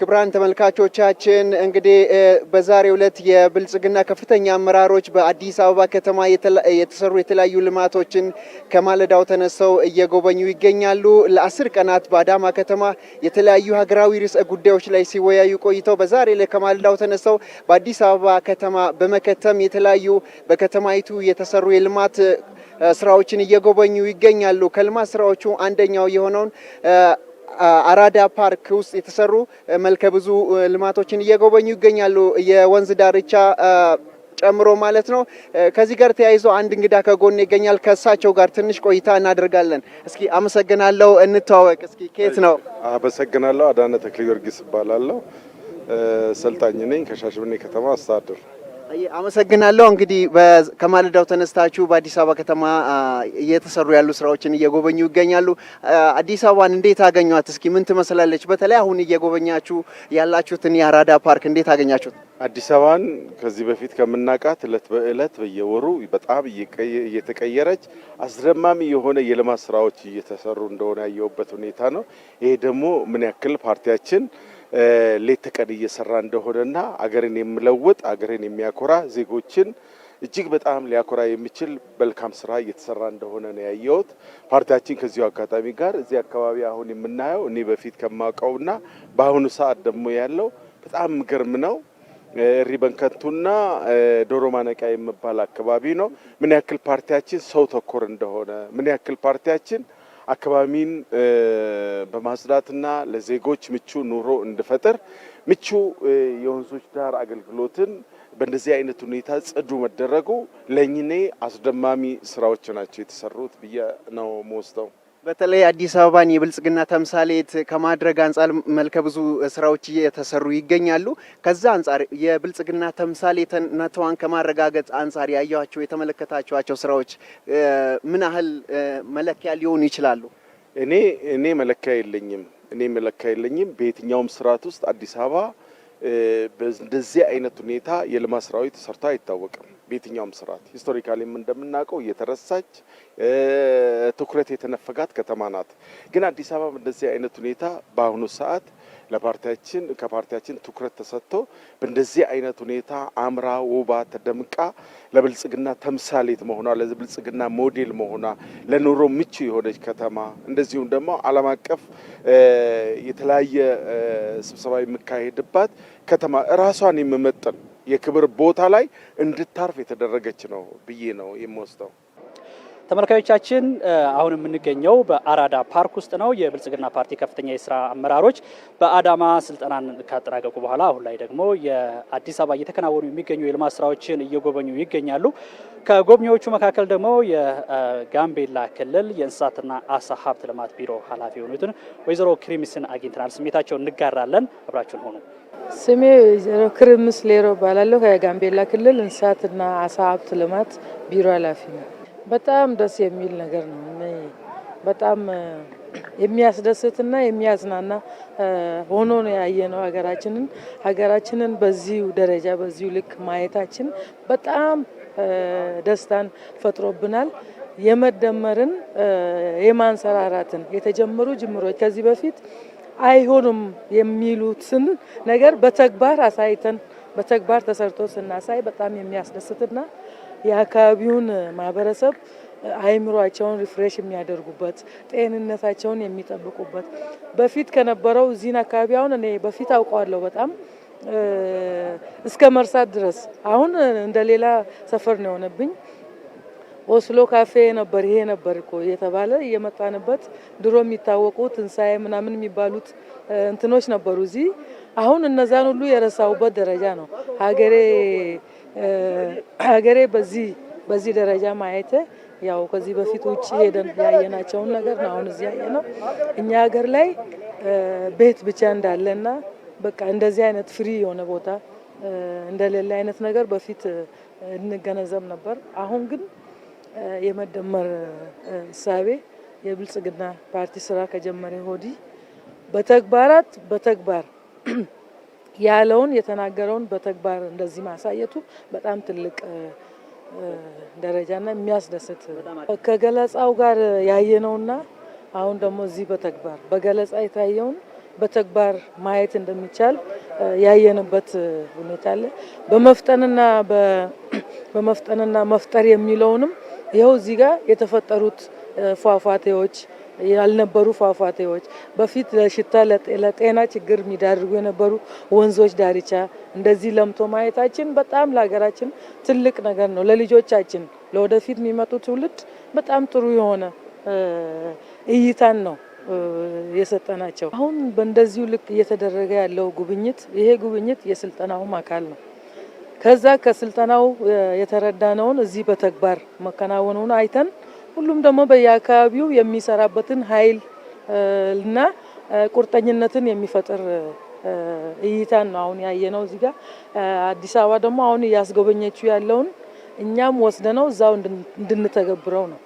ክብራን ተመልካቾቻችን እንግዲህ በዛሬው ዕለት የብልጽግና ከፍተኛ አመራሮች በአዲስ አበባ ከተማ የተሰሩ የተለያዩ ልማቶችን ከማለዳው ተነስተው እየጎበኙ ይገኛሉ። ለአስር ቀናት በአዳማ ከተማ የተለያዩ ሀገራዊ ርዕሰ ጉዳዮች ላይ ሲወያዩ ቆይተው በዛሬ ላይ ከማለዳው ተነስተው በአዲስ አበባ ከተማ በመከተም የተለያዩ በከተማይቱ የተሰሩ የልማት ስራዎችን እየጎበኙ ይገኛሉ። ከልማት ስራዎቹ አንደኛው የሆነውን አራዳ ፓርክ ውስጥ የተሰሩ መልከ ብዙ ልማቶችን እየጎበኙ ይገኛሉ። የወንዝ ዳርቻ ጨምሮ ማለት ነው። ከዚህ ጋር ተያይዞ አንድ እንግዳ ከጎን ይገኛል። ከእሳቸው ጋር ትንሽ ቆይታ እናደርጋለን። እስኪ አመሰግናለሁ፣ እንተዋወቅ እስኪ። ከየት ነው? አመሰግናለሁ። አዳነ ተክለ ጊዮርጊስ እባላለሁ። ሰልጣኝ ነኝ። ከሻሸመኔ ከተማ አስተዳደር አመሰግናለሁ። እንግዲህ ከማለዳው ተነስታችሁ በአዲስ አበባ ከተማ እየተሰሩ ያሉ ስራዎችን እየጎበኙ ይገኛሉ። አዲስ አበባን እንዴት አገኟት? እስኪ ምን ትመስላለች? በተለይ አሁን እየጎበኛችሁ ያላችሁትን የአራዳ ፓርክ እንዴት አገኛችሁት? አዲስ አበባን ከዚህ በፊት ከምናውቃት እለት በእለት በየወሩ በጣም እየተቀየረች አስደማሚ የሆነ የልማት ስራዎች እየተሰሩ እንደሆነ ያየሁበት ሁኔታ ነው። ይሄ ደግሞ ምን ያክል ፓርቲያችን ሌት ተቀን እየሰራ እንደሆነና አገርን የሚለውጥ አገርን የሚያኮራ ዜጎችን እጅግ በጣም ሊያኮራ የሚችል መልካም ስራ እየተሰራ እንደሆነ ነው ያየሁት። ፓርቲያችን ከዚሁ አጋጣሚ ጋር እዚህ አካባቢ አሁን የምናየው እኔ በፊት ከማውቀውና በአሁኑ ሰዓት ደግሞ ያለው በጣም ግርም ነው። እሪ በንከንቱና ዶሮ ማነቂያ የሚባል አካባቢ ነው። ምን ያክል ፓርቲያችን ሰው ተኮር እንደሆነ ምን ያክል ፓርቲያችን አካባቢን በማጽዳትና ለዜጎች ምቹ ኑሮ እንድፈጥር ምቹ የወንዞች ዳር አገልግሎትን በእንደዚህ አይነት ሁኔታ ጽዱ መደረጉ ለኝኔ አስደማሚ ስራዎች ናቸው የተሰሩት ብዬ ነው መወስተው። በተለይ አዲስ አበባን የብልጽግና ተምሳሌት ከማድረግ አንጻር መልከ ብዙ ስራዎች እየተሰሩ ይገኛሉ። ከዛ አንጻር የብልጽግና ተምሳሌትነቷን ከማረጋገጥ አንጻር ያያቸው የተመለከታችኋቸው ስራዎች ምን ያህል መለኪያ ሊሆኑ ይችላሉ? እኔ እኔ መለኪያ የለኝም እኔ መለኪያ የለኝም። በየትኛውም ስርዓት ውስጥ አዲስ አበባ በእንደዚህ አይነት ሁኔታ የልማት ስራዊ ተሰርታ አይታወቅም። በየትኛውም ስርዓት ሂስቶሪካሊም እንደምናውቀው እየተረሳች ትኩረት የተነፈጋት ከተማ ናት። ግን አዲስ አበባ እንደዚህ አይነት ሁኔታ በአሁኑ ሰዓት ለፓርቲያችን ከፓርቲያችን ትኩረት ተሰጥቶ በእንደዚህ አይነት ሁኔታ አምራ ውባ ተደምቃ ለብልጽግና ተምሳሌት መሆኗ ለብልጽግና ሞዴል መሆኗ ለኑሮ ምቹ የሆነች ከተማ እንደዚሁም ደግሞ ዓለም አቀፍ የተለያየ ስብሰባ የሚካሄድባት ከተማ እራሷን የምመጥን የክብር ቦታ ላይ እንድታርፍ የተደረገች ነው ብዬ ነው የምወስደው። ተመልካዮቻችን አሁን የምንገኘው በአራዳ ፓርክ ውስጥ ነው። የብልጽግና ፓርቲ ከፍተኛ የስራ አመራሮች በአዳማ ስልጠናን ካጠናቀቁ በኋላ አሁን ላይ ደግሞ የአዲስ አበባ እየተከናወኑ የሚገኙ የልማት ስራዎችን እየጎበኙ ይገኛሉ። ከጎብኚዎቹ መካከል ደግሞ የጋምቤላ ክልል የእንስሳትና አሳ ሀብት ልማት ቢሮ ኃላፊ የሆኑትን ወይዘሮ ክሪምስን አግኝተናል። ስሜታቸውን እንጋራለን። አብራችን ሆኑ። ስሜ ወይዘሮ ክሪምስ ሌሮ እባላለሁ። ከጋምቤላ ክልል እንስሳትና አሳ ሀብት ልማት ቢሮ ኃላፊ ነው። በጣም ደስ የሚል ነገር ነው። በጣም የሚያስደስትና የሚያዝናና ሆኖ ነው ያየነው። ሀገራችንን ሀገራችንን በዚሁ ደረጃ በዚሁ ልክ ማየታችን በጣም ደስታን ፈጥሮብናል። የመደመርን የማንሰራራትን የተጀመሩ ጅምሮች ከዚህ በፊት አይሆንም የሚሉትን ነገር በተግባር አሳይተን በተግባር ተሰርቶ ስናሳይ በጣም የሚያስደስትና የአካባቢውን ማህበረሰብ አይምሯቸውን ሪፍሬሽ የሚያደርጉበት ጤንነታቸውን የሚጠብቁበት በፊት ከነበረው እዚህን አካባቢ አሁን እኔ በፊት አውቀዋለሁ በጣም እስከ መርሳት ድረስ አሁን እንደሌላ ሰፈር ነው የሆነብኝ። ኦስሎ ካፌ ነበር ይሄ ነበር እኮ የተባለ እየመጣንበት ድሮ የሚታወቁ ትንሣኤ ምናምን የሚባሉት እንትኖች ነበሩ እዚህ። አሁን እነዛን ሁሉ የረሳውበት ደረጃ ነው ሀገሬ ሀገሬ በዚህ በዚህ ደረጃ ማየት ያው ከዚህ በፊት ውጭ ሄደን ያየናቸውን ነገር ነው አሁን እዚህ ያየ ነው። እኛ ሀገር ላይ ቤት ብቻ እንዳለና በቃ እንደዚህ አይነት ፍሪ የሆነ ቦታ እንደሌለ አይነት ነገር በፊት እንገነዘብ ነበር። አሁን ግን የመደመር እሳቤ የብልጽግና ፓርቲ ስራ ከጀመረ ወዲህ በተግባራት በተግባር ያለውን የተናገረውን በተግባር እንደዚህ ማሳየቱ በጣም ትልቅ ደረጃና የሚያስደስት ከገለጻው ጋር ያየነውና አሁን ደግሞ እዚህ በተግባር በገለጻ የታየውን በተግባር ማየት እንደሚቻል ያየንበት ሁኔታ አለ። በመፍጠንና በመፍጠንና መፍጠር የሚለውንም ይኸው እዚህ ጋር የተፈጠሩት ፏፏቴዎች ያልነበሩ ፏፏቴዎች፣ በፊት ለሽታ ለጤና ችግር የሚዳርጉ የነበሩ ወንዞች ዳርቻ እንደዚህ ለምቶ ማየታችን በጣም ለሀገራችን ትልቅ ነገር ነው። ለልጆቻችን ለወደፊት የሚመጡ ትውልድ በጣም ጥሩ የሆነ እይታን ነው የሰጠናቸው። አሁን በእንደዚሁ ልክ እየተደረገ ያለው ጉብኝት ይሄ ጉብኝት የስልጠናውም አካል ነው። ከዛ ከስልጠናው የተረዳነውን እዚህ በተግባር መከናወኑን አይተን ሁሉም ደግሞ በየአካባቢው የሚሰራበትን ኃይል እና ቁርጠኝነትን የሚፈጥር እይታን ነው አሁን ያየነው። እዚህ ጋር አዲስ አበባ ደግሞ አሁን እያስጎበኘችው ያለውን እኛም ወስደነው እዛው እንድንተገብረው ነው።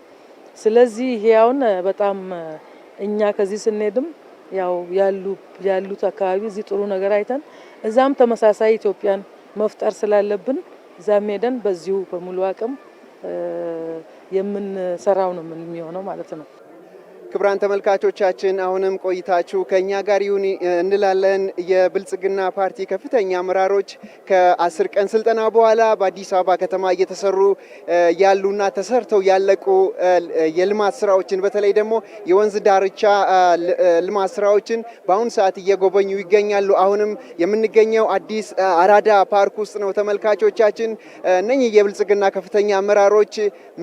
ስለዚህ ይሄ አሁን በጣም እኛ ከዚህ ስንሄድም ያው ያሉት አካባቢ እዚህ ጥሩ ነገር አይተን እዛም ተመሳሳይ ኢትዮጵያን መፍጠር ስላለብን እዛም ሄደን በዚሁ በሙሉ አቅም የምንሰራው ነው የሚሆነው ማለት ነው። ክቡራን ተመልካቾቻችን አሁንም ቆይታችሁ ከእኛ ጋር ይሁን እንላለን። የብልጽግና ፓርቲ ከፍተኛ አመራሮች ከአስር ቀን ስልጠና በኋላ በአዲስ አበባ ከተማ እየተሰሩ ያሉና ተሰርተው ያለቁ የልማት ስራዎችን በተለይ ደግሞ የወንዝ ዳርቻ ልማት ስራዎችን በአሁኑ ሰዓት እየጎበኙ ይገኛሉ። አሁንም የምንገኘው አዲስ አራዳ ፓርክ ውስጥ ነው። ተመልካቾቻችን እነኚህ የብልጽግና ከፍተኛ አመራሮች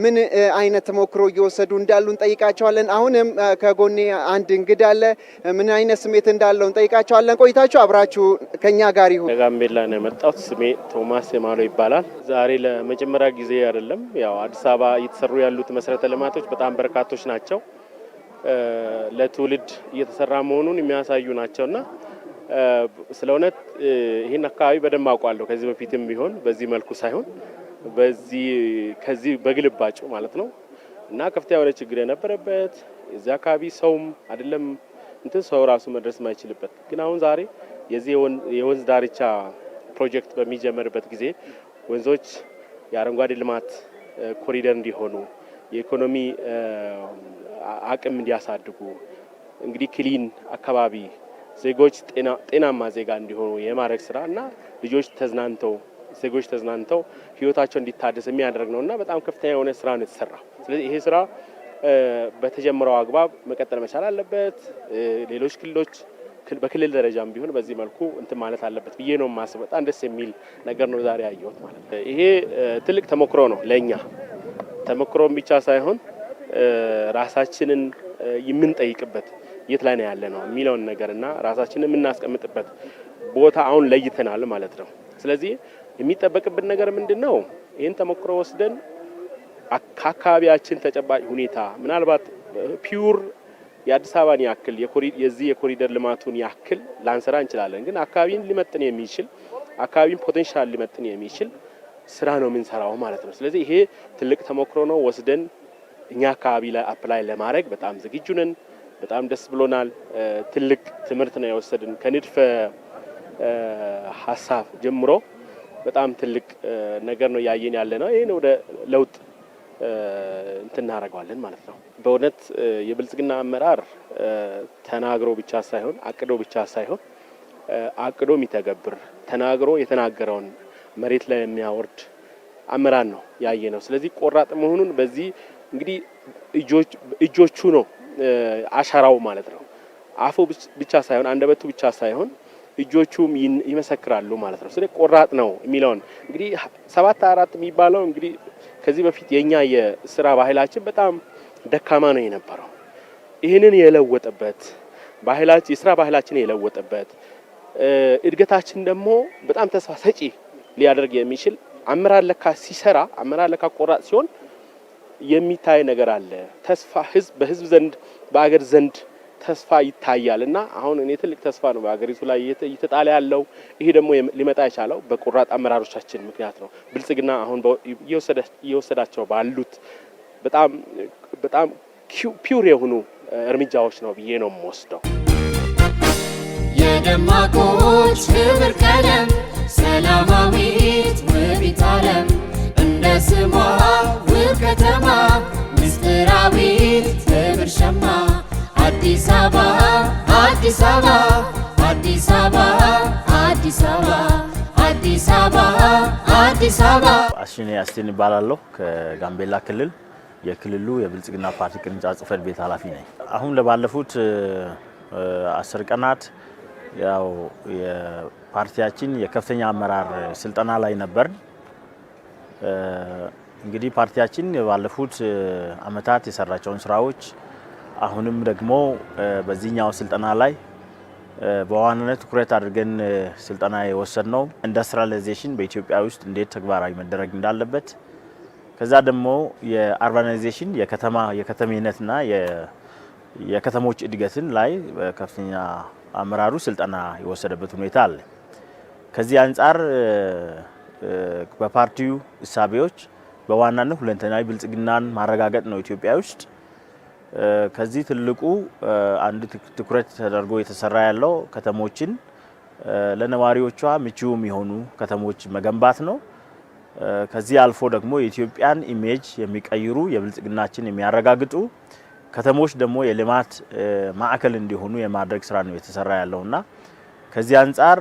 ምን አይነት ተሞክሮ እየወሰዱ እንዳሉ እንጠይቃቸዋለን። አሁንም ከጎኔ አንድ እንግዳ አለ። ምን አይነት ስሜት እንዳለው እንጠይቃቸዋለን። ቆይታችሁ አብራችሁ ከኛ ጋር ይሁን። ከጋምቤላ ነው የመጣሁት። ስሜ ቶማስ የማሎ ይባላል። ዛሬ ለመጀመሪያ ጊዜ አይደለም። ያው አዲስ አበባ እየተሰሩ ያሉት መሰረተ ልማቶች በጣም በርካቶች ናቸው። ለትውልድ እየተሰራ መሆኑን የሚያሳዩ ናቸውና ስለ እውነት ይህን አካባቢ በደንብ አውቋለሁ። ከዚህ በፊትም ቢሆን በዚህ መልኩ ሳይሆን በዚህ ከዚህ በግልባጩ ማለት ነው እና ከፍተኛ የሆነ ችግር የነበረበት እዚህ አካባቢ ሰውም አይደለም እንትን ሰው ራሱ መድረስ የማይችልበት ግን አሁን ዛሬ የዚህ የወንዝ ዳርቻ ፕሮጀክት በሚጀመርበት ጊዜ ወንዞች የአረንጓዴ ልማት ኮሪደር እንዲሆኑ የኢኮኖሚ አቅም እንዲያሳድጉ እንግዲህ ክሊን አካባቢ ዜጎች ጤናማ ዜጋ እንዲሆኑ የማድረግ ስራ እና ልጆች ተዝናንተው ዜጎች ተዝናንተው ህይወታቸው እንዲታደስ የሚያደርግ ነው እና በጣም ከፍተኛ የሆነ ስራ ነው የተሰራ። ስለዚህ ይሄ ስራ በተጀመረው አግባብ መቀጠል መቻል አለበት። ሌሎች ክልሎች በክልል ደረጃም ቢሆን በዚህ መልኩ እንትን ማለት አለበት ብዬ ነው የማስበው። በጣም ደስ የሚል ነገር ነው ዛሬ ያየሁት ማለት ነው። ይሄ ትልቅ ተሞክሮ ነው ለእኛ ተሞክሮም ብቻ ሳይሆን ራሳችንን የምንጠይቅበት የት ላይ ነው ያለ ነው የሚለውን ነገር እና ራሳችንን የምናስቀምጥበት ቦታ አሁን ለይተናል ማለት ነው። ስለዚህ የሚጠበቅብን ነገር ምንድን ነው? ይህን ተሞክሮ ወስደን ከአካባቢያችን ተጨባጭ ሁኔታ ምናልባት ፒውር የአዲስ አበባን ያክል የዚህ የኮሪደር ልማቱን ያክል ላንሰራ እንችላለን፣ ግን አካባቢን ሊመጥን የሚችል አካባቢን ፖቴንሻል ሊመጥን የሚችል ስራ ነው የምንሰራው ማለት ነው። ስለዚህ ይሄ ትልቅ ተሞክሮ ነው ወስደን እኛ አካባቢ ላይ አፕላይ ለማድረግ በጣም ዝግጁ ነን። በጣም ደስ ብሎናል። ትልቅ ትምህርት ነው የወሰድን ከንድፈ ሀሳብ ጀምሮ በጣም ትልቅ ነገር ነው ያየን ያለ ነው። ይህን ወደ ለውጥ እንትን እናደርገዋለን ማለት ነው። በእውነት የብልጽግና አመራር ተናግሮ ብቻ ሳይሆን አቅዶ ብቻ ሳይሆን አቅዶ የሚተገብር ተናግሮ የተናገረውን መሬት ላይ የሚያወርድ አመራር ነው ያየ ነው። ስለዚህ ቆራጥ መሆኑን በዚህ እንግዲህ እጆቹ ነው አሻራው ማለት ነው። አፉ ብቻ ሳይሆን አንደበቱ ብቻ ሳይሆን እጆቹም ይመሰክራሉ ማለት ነው። ስለዚህ ቆራጥ ነው የሚለውን እንግዲህ ሰባት አራት የሚባለው እንግዲህ ከዚህ በፊት የኛ የስራ ባህላችን በጣም ደካማ ነው የነበረው። ይህንን የለወጠበት ባህላችን የስራ ባህላችን የለወጠበት እድገታችን ደግሞ በጣም ተስፋ ሰጪ ሊያደርግ የሚችል አመራር ለካ ሲሰራ አመራር ለካ ቆራጥ ሲሆን የሚታይ ነገር አለ። ተስፋ ህዝብ በህዝብ ዘንድ በአገር ዘንድ ተስፋ ይታያል እና አሁን እኔ ትልቅ ተስፋ ነው በሀገሪቱ ላይ እየተጣለ ያለው። ይሄ ደግሞ ሊመጣ የቻለው በቆራጥ አመራሮቻችን ምክንያት ነው። ብልጽግና አሁን እየወሰዳቸው ባሉት በጣም በጣም ፒውር የሆኑ እርምጃዎች ነው ብዬ ነው የምወስደው። የደማቆች ክብር ቀለም ሰላማዊት ውቢት ዓለም እንደ ስሟ ውብ ከተማ ምስጢራዊት ክብር ሸማ አዲስ አበባ አዲስ አበባ አዲስ አበባ አዲስ አበባ አዲስ አበባ አዲስ አበባ። አሽኔ አስቴን እባላለሁ ከጋምቤላ ክልል የክልሉ የብልጽግና ፓርቲ ቅርንጫፍ ጽህፈት ቤት ኃላፊ ነኝ። አሁን ለባለፉት አስር ቀናት ያው የፓርቲያችን የከፍተኛ አመራር ስልጠና ላይ ነበር። እንግዲህ ፓርቲያችን ባለፉት አመታት የሰራቸውን ስራዎች አሁንም ደግሞ በዚህኛው ስልጠና ላይ በዋናነት ትኩረት አድርገን ስልጠና የወሰድ ነው ኢንዱስትሪላይዜሽን በኢትዮጵያ ውስጥ እንዴት ተግባራዊ መደረግ እንዳለበት ከዛ ደግሞ የአርባናይዜሽን የከተማ የከተሜነትና የከተሞች እድገትን ላይ በከፍተኛ አመራሩ ስልጠና የወሰደበት ሁኔታ አለ። ከዚህ አንጻር በፓርቲው እሳቤዎች በዋናነት ሁለንተናዊ ብልጽግናን ማረጋገጥ ነው ኢትዮጵያ ውስጥ ከዚህ ትልቁ አንድ ትኩረት ተደርጎ የተሰራ ያለው ከተሞችን ለነዋሪዎቿ ምቹ የሚሆኑ ከተሞች መገንባት ነው። ከዚህ አልፎ ደግሞ የኢትዮጵያን ኢሜጅ የሚቀይሩ የብልጽግናችን የሚያረጋግጡ ከተሞች ደግሞ የልማት ማዕከል እንዲሆኑ የማድረግ ስራ ነው የተሰራ እና ከዚህ አንጻር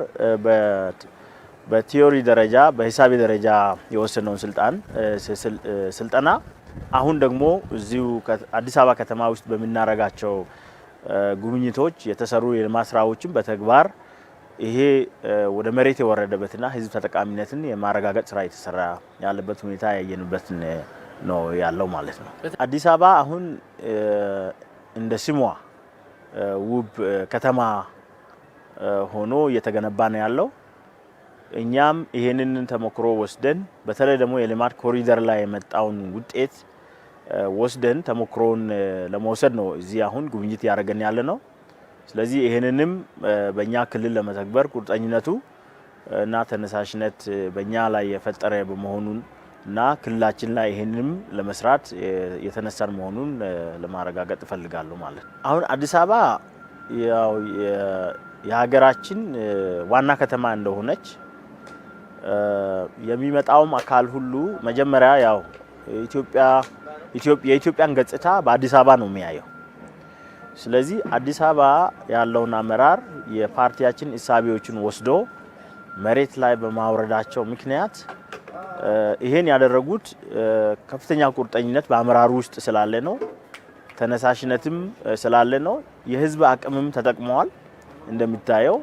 በቲዮሪ ደረጃ በሂሳቢ ደረጃ የወሰነውን ስልጣን ስልጠና አሁን ደግሞ እዚሁ አዲስ አበባ ከተማ ውስጥ በምናደርጋቸው ጉብኝቶች የተሰሩ የልማት ስራዎችን በተግባር ይሄ ወደ መሬት የወረደበትና ህዝብ ተጠቃሚነትን የማረጋገጥ ስራ የተሰራ ያለበት ሁኔታ ያየንበት ነው ያለው ማለት ነው። አዲስ አበባ አሁን እንደ ስሟ ውብ ከተማ ሆኖ እየተገነባ ነው ያለው። እኛም ይሄንን ተሞክሮ ወስደን በተለይ ደግሞ የልማት ኮሪደር ላይ የመጣውን ውጤት ወስደን ተሞክሮውን ለመውሰድ ነው እዚህ አሁን ጉብኝት ያደረገን ያለ ነው። ስለዚህ ይህንንም በእኛ ክልል ለመተግበር ቁርጠኝነቱ እና ተነሳሽነት በእኛ ላይ የፈጠረ በመሆኑን እና ክልላችን ላይ ይህንንም ለመስራት የተነሳን መሆኑን ለማረጋገጥ እፈልጋለሁ ማለት ነው። አሁን አዲስ አበባ ያው የሀገራችን ዋና ከተማ እንደሆነች የሚመጣውም አካል ሁሉ መጀመሪያ ያው የኢትዮጵያን ገጽታ በአዲስ አበባ ነው የሚያየው። ስለዚህ አዲስ አበባ ያለውን አመራር የፓርቲያችን እሳቤዎችን ወስዶ መሬት ላይ በማውረዳቸው ምክንያት ይሄን ያደረጉት ከፍተኛ ቁርጠኝነት በአመራሩ ውስጥ ስላለ ነው። ተነሳሽነትም ስላለ ነው። የህዝብ አቅምም ተጠቅመዋል። እንደሚታየው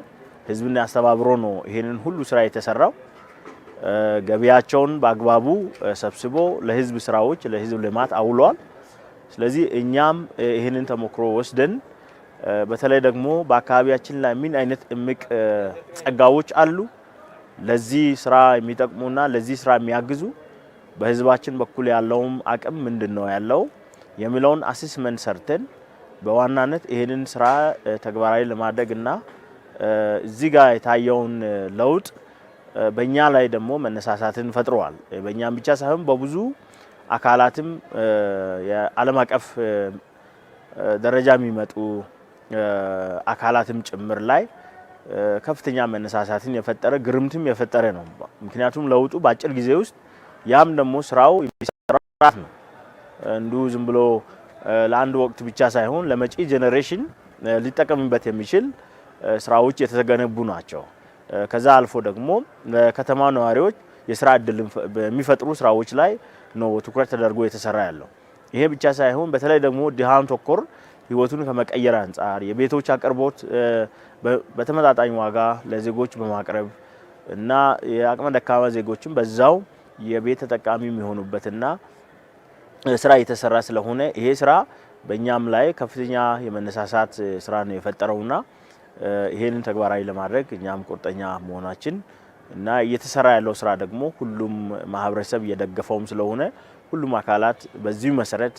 ህዝብን አስተባብሮ ነው ይሄንን ሁሉ ስራ የተሰራው። ገቢያቸውን በአግባቡ ሰብስቦ ለህዝብ ስራዎች፣ ለህዝብ ልማት አውሏል። ስለዚህ እኛም ይህንን ተሞክሮ ወስደን በተለይ ደግሞ በአካባቢያችን ላይ ምን አይነት እምቅ ጸጋዎች አሉ ለዚህ ስራ የሚጠቅሙና ለዚህ ስራ የሚያግዙ በህዝባችን በኩል ያለውም አቅም ምንድን ነው ያለው የሚለውን አሲስመንት ሰርተን በዋናነት ይህንን ስራ ተግባራዊ ለማድረግ እና እዚህ ጋር የታየውን ለውጥ በእኛ ላይ ደግሞ መነሳሳትን ፈጥረዋል። በእኛም ብቻ ሳይሆን በብዙ አካላትም የዓለም አቀፍ ደረጃ የሚመጡ አካላትም ጭምር ላይ ከፍተኛ መነሳሳትን የፈጠረ ግርምትም የፈጠረ ነው። ምክንያቱም ለውጡ በአጭር ጊዜ ውስጥ ያም ደግሞ ስራው የሚሰራት ነው። እንዲሁ ዝም ብሎ ለአንድ ወቅት ብቻ ሳይሆን ለመጪ ጄኔሬሽን ሊጠቀምበት የሚችል ስራዎች የተገነቡ ናቸው። ከዛ አልፎ ደግሞ ለከተማ ነዋሪዎች የስራ እድል በሚፈጥሩ ስራዎች ላይ ነው ትኩረት ተደርጎ የተሰራ ያለው። ይሄ ብቻ ሳይሆን በተለይ ደግሞ ድሃን ተኮር ህይወቱን ከመቀየር አንጻር የቤቶች አቅርቦት በተመጣጣኝ ዋጋ ለዜጎች በማቅረብ እና የአቅመ ደካማ ዜጎችን በዛው የቤት ተጠቃሚ የሚሆኑበትና ስራ እየተሰራ ስለሆነ ይሄ ስራ በእኛም ላይ ከፍተኛ የመነሳሳት ስራ ነው የፈጠረውና ይሄንን ተግባራዊ ለማድረግ እኛም ቁርጠኛ መሆናችን እና እየተሰራ ያለው ስራ ደግሞ ሁሉም ማህበረሰብ እየደገፈውም ስለሆነ ሁሉም አካላት በዚሁ መሰረት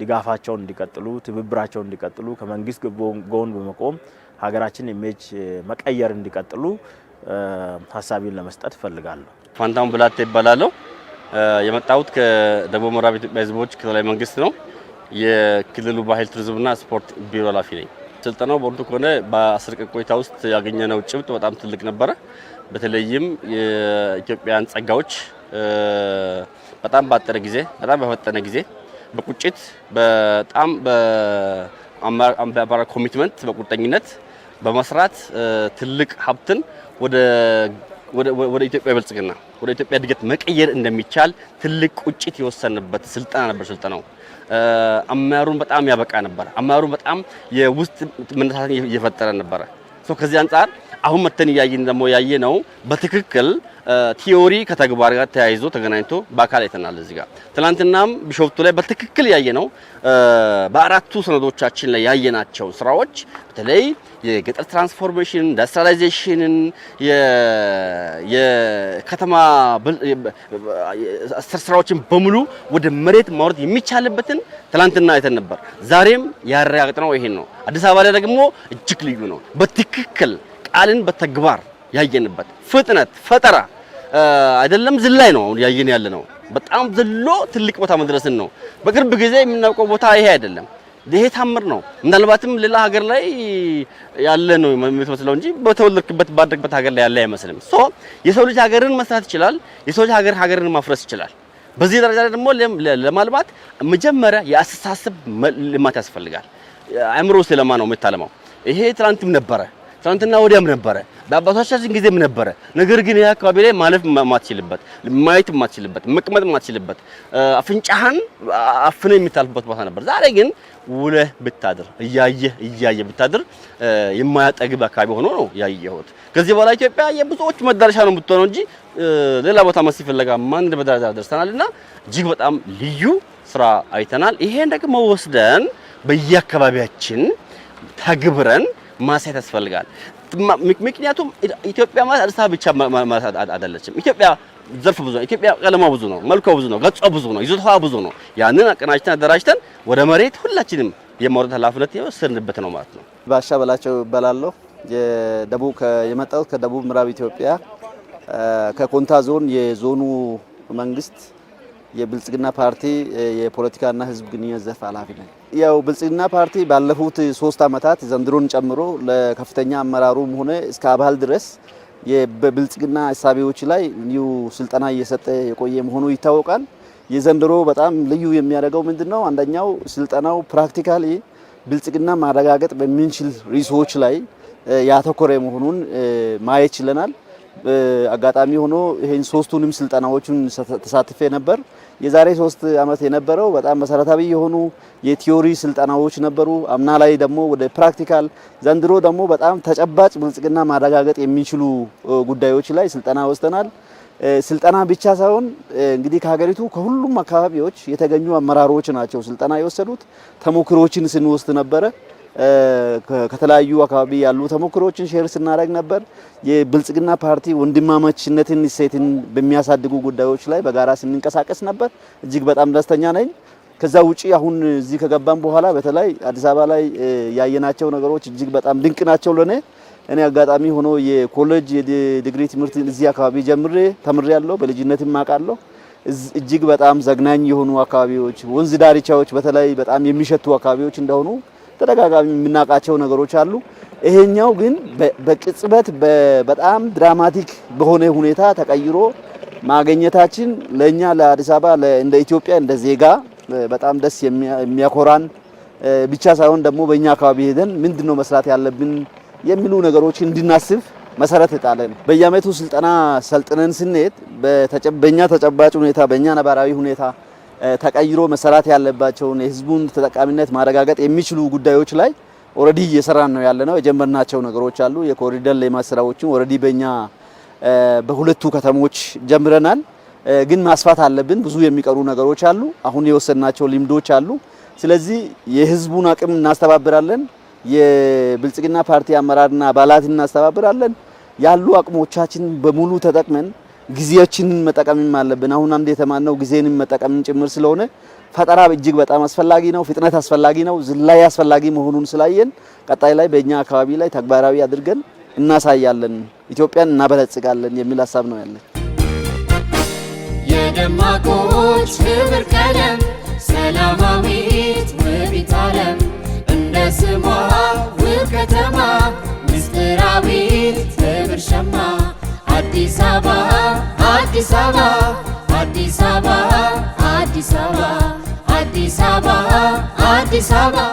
ድጋፋቸውን እንዲቀጥሉ፣ ትብብራቸውን እንዲቀጥሉ ከመንግስት ጎን በመቆም ሀገራችን ኢሜጅ መቀየር እንዲቀጥሉ ሀሳቢን ለመስጠት እፈልጋለሁ። ፋንታሁን ብላቴ ይባላለሁ። የመጣሁት ከደቡብ ምዕራብ ኢትዮጵያ ህዝቦች ክልላዊ መንግስት ነው። የክልሉ ባህል ቱሪዝምና ስፖርት ቢሮ ኃላፊ ነኝ። ስልጠናው ቦርዱ ከሆነ በአስር ቀን ቆይታ ውስጥ ያገኘነው ጭብጥ በጣም ትልቅ ነበረ። በተለይም የኢትዮጵያን ጸጋዎች በጣም ባጠረ ጊዜ፣ በጣም በፈጠነ ጊዜ፣ በቁጭት በጣም በአማራ ኮሚትመንት፣ በቁርጠኝነት በመስራት ትልቅ ሀብትን ወደ ወደ ኢትዮጵያ ብልጽግና ወደ ኢትዮጵያ እድገት መቀየር እንደሚቻል ትልቅ ቁጭት የወሰንበት ስልጠና ነበር። ስልጠናው አመራሩን በጣም ያበቃ ነበር። አመራሩን በጣም የውስጥ መነሳሳትን እየፈጠረ ነበረ። ከዚህ አንጻር አሁን መተን እያየን ደግሞ ያየ ነው በትክክል ቲዮሪ ከተግባር ጋር ተያይዞ ተገናኝቶ በአካል አይተናል። እዚህ ጋር ትላንትናም ቢሾፍቱ ላይ በትክክል ያየ ነው። በአራቱ ሰነዶቻችን ላይ ያየናቸው ስራዎች በተለይ የገጠር ትራንስፎርሜሽን፣ ኢንዱስትሪላይዜሽንን፣ የከተማ ስራዎችን በሙሉ ወደ መሬት ማውረድ የሚቻልበትን ትላንትና አይተን ነበር። ዛሬም ያረጋግጥነው ይሄን ነው። አዲስ አበባ ላይ ደግሞ እጅግ ልዩ ነው። በትክክል ቃልን በተግባር ያየንበት ፍጥነት ፈጠራ አይደለም ዝላይ ነው አሁን ያየን ያለ ነው። በጣም ዘሎ ትልቅ ቦታ መድረስን ነው። በቅርብ ጊዜ የምናውቀው ቦታ ይሄ አይደለም። ይሄ ታምር ነው። ምናልባትም ሌላ ሀገር ላይ ያለ ነው የምትመስለው እንጂ በተወለድክበት ባደግበት ሀገር ላይ ያለ አይመስልም። ሶ የሰው ልጅ ሀገርን መስራት ይችላል። የሰው ልጅ ሀገር ሀገርን ማፍረስ ይችላል። በዚህ ደረጃ ላይ ደግሞ ለማልማት መጀመሪያ የአስተሳሰብ ልማት ያስፈልጋል። አእምሮ ስለማ ነው የምታለማው። ይሄ ትናንትም ነበረ ትናንትና ወዲያም ነበረ በአባቶቻችን ጊዜም ነበረ። ነገር ግን ይህ አካባቢ ላይ ማለፍ ማትችልበት፣ ማየት ማትችልበት፣ መቅመጥ ማትችልበት አፍንጫህን አፍነ የሚታልፍበት ቦታ ነበር። ዛሬ ግን ውለህ ብታድር እያየህ እያየህ ብታድር የማያጠግብ አካባቢ ሆኖ ነው ያየሁት። ከዚህ በኋላ ኢትዮጵያ የብዙዎች መዳረሻ ነው የምትሆነው እንጂ ሌላ ቦታ መስይ ፍለጋ ማን እንደመዳረሻ ደርሰናል እና እጅግ በጣም ልዩ ስራ አይተናል። ይሄን ደግሞ ወስደን በየአካባቢያችን ተግብረን ማሳየት ያስፈልጋል። ምክንያቱም ኢትዮጵያ ማለት አዲስ አበባ ብቻ ማለት አይደለችም። ኢትዮጵያ ዘርፍ ብዙ ነው። ኢትዮጵያ ቀለማ ብዙ ነው፣ መልኳ ብዙ ነው፣ ገጿ ብዙ ነው፣ ይዞታዋ ብዙ ነው። ያንን አቀናጅተን አደራጅተን ወደ መሬት ሁላችንም የማውረድ ኃላፊነት የወሰንበት ነው ማለት ነው። ባሻ በላቸው እባላለሁ። የደቡብ የመጣሁት ከደቡብ ምዕራብ ኢትዮጵያ ከኮንታ ዞን የዞኑ መንግስት የብልጽግና ፓርቲ የፖለቲካና ህዝብ ግንኙነት ዘርፍ ኃላፊ ነኝ። ያው ብልጽግና ፓርቲ ባለፉት ሶስት ዓመታት ዘንድሮን ጨምሮ ለከፍተኛ አመራሩም ሆነ እስከ አባል ድረስ በብልጽግና እሳቤዎች ላይ እንዲሁ ስልጠና እየሰጠ የቆየ መሆኑ ይታወቃል። የዘንድሮ በጣም ልዩ የሚያደርገው ምንድን ነው? አንደኛው ስልጠናው ፕራክቲካሊ ብልጽግና ማረጋገጥ በምንችል ርዕሶች ላይ ያተኮረ መሆኑን ማየት ችለናል። አጋጣሚ ሆኖ ይሄን ሶስቱንም ስልጠናዎቹን ተሳትፌ ነበር። የዛሬ ሶስት አመት የነበረው በጣም መሰረታዊ የሆኑ የቲዮሪ ስልጠናዎች ነበሩ። አምና ላይ ደግሞ ወደ ፕራክቲካል፣ ዘንድሮ ደግሞ በጣም ተጨባጭ ብልጽግና ማረጋገጥ የሚችሉ ጉዳዮች ላይ ስልጠና ወስደናል። ስልጠና ብቻ ሳይሆን እንግዲህ ከሀገሪቱ ከሁሉም አካባቢዎች የተገኙ አመራሮች ናቸው ስልጠና የወሰዱት። ተሞክሮችን ስንወስድ ነበረ። ከተለያዩ አካባቢ ያሉ ተሞክሮዎችን ሼር ስናደርግ ነበር። የብልጽግና ፓርቲ ወንድማማችነትን እሴትን በሚያሳድጉ ጉዳዮች ላይ በጋራ ስንንቀሳቀስ ነበር። እጅግ በጣም ደስተኛ ነኝ። ከዛ ውጪ አሁን እዚህ ከገባም በኋላ በተለይ አዲስ አበባ ላይ ያየናቸው ነገሮች እጅግ በጣም ድንቅ ናቸው ለኔ እኔ አጋጣሚ ሆኖ የኮሌጅ የዲግሪ ትምህርት እዚህ አካባቢ ጀምሬ ተምሬ ያለው በልጅነትም አውቃለሁ። እጅግ በጣም ዘግናኝ የሆኑ አካባቢዎች፣ ወንዝ ዳርቻዎች በተለይ በጣም የሚሸቱ አካባቢዎች እንደሆኑ ተደጋጋሚ የምናውቃቸው ነገሮች አሉ። ይሄኛው ግን በቅጽበት በጣም ድራማቲክ በሆነ ሁኔታ ተቀይሮ ማግኘታችን ለእኛ ለአዲስ አበባ እንደ ኢትዮጵያ እንደ ዜጋ በጣም ደስ የሚያኮራን ብቻ ሳይሆን ደግሞ በእኛ አካባቢ ሄደን ምንድነው መስራት ያለብን የሚሉ ነገሮች እንድናስብ መሰረት የጣለ ነው። በየአመቱ ስልጠና ሰልጥነን ስንሄድ በኛ ተጨባጭ ሁኔታ በእኛ ነባራዊ ሁኔታ ተቀይሮ መሰራት ያለባቸውን የህዝቡን ተጠቃሚነት ማረጋገጥ የሚችሉ ጉዳዮች ላይ ኦልሬዲ እየሰራን ነው ነው። የጀመርናቸው ነገሮች አሉ። የኮሪደር ልማት ስራዎችን ኦልሬዲ በእኛ በሁለቱ ከተሞች ጀምረናል፣ ግን ማስፋት አለብን። ብዙ የሚቀሩ ነገሮች አሉ። አሁን የወሰድናቸው ልምዶች አሉ። ስለዚህ የህዝቡን አቅም እናስተባብራለን። የብልጽግና ፓርቲ አመራርና አባላት እናስተባብራለን። ያሉ አቅሞቻችን በሙሉ ተጠቅመን ጊዜያችንን መጠቀምም አለብን። አሁን አንድ የተማነው ጊዜንም መጠቀምን ጭምር ስለሆነ ፈጠራ እጅግ በጣም አስፈላጊ ነው። ፍጥነት አስፈላጊ ነው። ዝላይ አስፈላጊ መሆኑን ስላየን ቀጣይ ላይ በእኛ አካባቢ ላይ ተግባራዊ አድርገን እናሳያለን፣ ኢትዮጵያን እናበለጽጋለን የሚል ሀሳብ ነው ያለን። የደማቆች ህብር ቀለም ሰላማዊት ውቢት ዓለም እንደ ስሟ ውብ ከተማ ምስጢራዊት ህብር ሸማ አዲስ አበባ አዲስ አበባ አዲስ አበባ አዲስ አበባ አዲስ አበባ አዲስ አበባ